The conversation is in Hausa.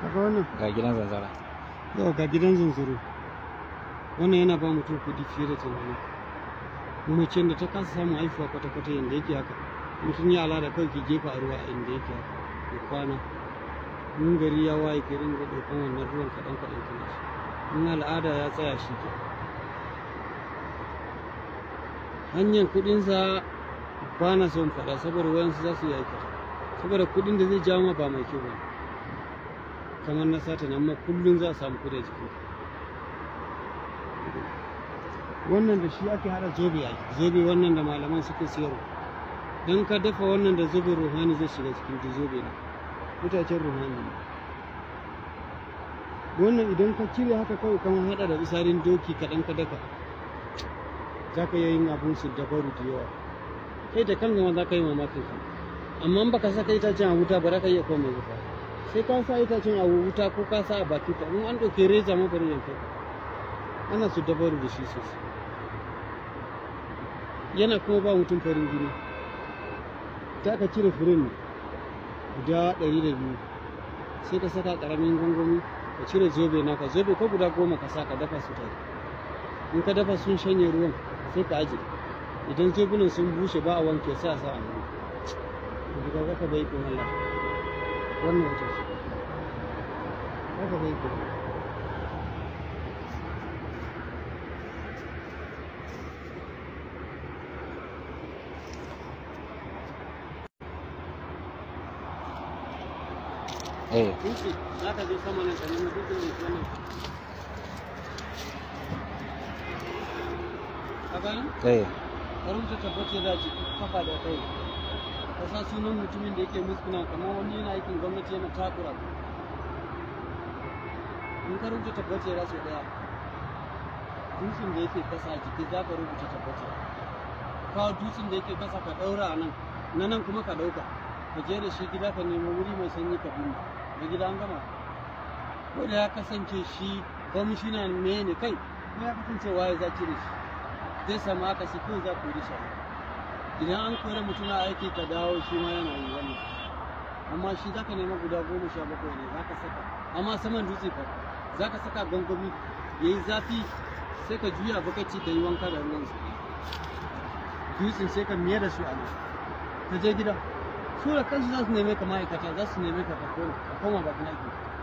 kaga wannan ga gidan zanzara yau ga gidan zanzaro wannan yana ba mutum kuɗi fiye da tunani mace da ta kasa samun haifuwa kwata-kwata yadda yake haka mutum ya ala da kawai ke jefa a ruwa inda yake haka ya kwana in gari ya waye ka ringa ɗaukan wannan ruwan kaɗan kaɗan kana shi in al'ada ya tsaya shi ke hanyar kuɗinsa ba na son faɗa saboda wayansu za su yi aikata saboda kuɗin da zai jawo ma ba mai kyau ba kamar na satin ma kullum za a samu kuda jikin wannan da shi ake hada zobe a zobe wannan da malaman suke siyar don ka dafa wannan da zobe ruhani zai shiga cikin ji zobe ne mutacen ruhani ne wannan idan ka cire haka kawai kamar hada da isarin doki kaɗan ka dafa za ka yi yin abun su dabaru da yawa kai da kan gama za ka yi mamakin ka amma in ka saka itacen a wuta ba za ka iya komai ba sai kan sa cin abu wuta ko ka sa a baki ta in an ɗauke reza ma bari yanka ana su dabaru da shi sosai yana kuma ba mutum farin jini ta ka cire firin guda ɗari da biyu sai ka saka ƙaramin gungumi ka cire zobe naka zobe ko guda goma ka sa ka dafa su tare in ka dafa sun shanye ruwan sai ka aje idan zobunan sun bushe ba a wanke sai a sa a hannu. Daga bai kun Allah. wannan wace ce haka zai ke Eh. Za ka zo sama nan kanin mutum ne wannan. Ka gani? Eh. Karunta tabbace da ji kafa da kai. kasa sunan mutumin da yake muskuna kamar wani yana aikin gwamnati yana takura in ka rubuta tabbace ra sau daya dutsen da yake kasa a jiki za ka rubuta tabbace kawo dutsen da yake kasa ka ɗaura a nan na nan kuma ka ɗauka ka je da shi gida ka nemi wuri mai sanyi ka binne da gida an gama ko da ya kasance shi kwamishina ne kai ko ya kasance waye za ki da shi zai samu aka si kawai za ku yi da shi idan an kore mutum a aiki ka dawo shi ma yana yi wannan amma shi zaka nema guda goma sha bakwai ne zaka saka amma saman dutse fa zaka saka gangomi yi zafi sai ka juya bakaci ka yi wanka da ruwan su dutse sai ka miye da su a nan ka je gida su da kansu za su neme ka ma'aikata za su neme ka ka koma bakin ba.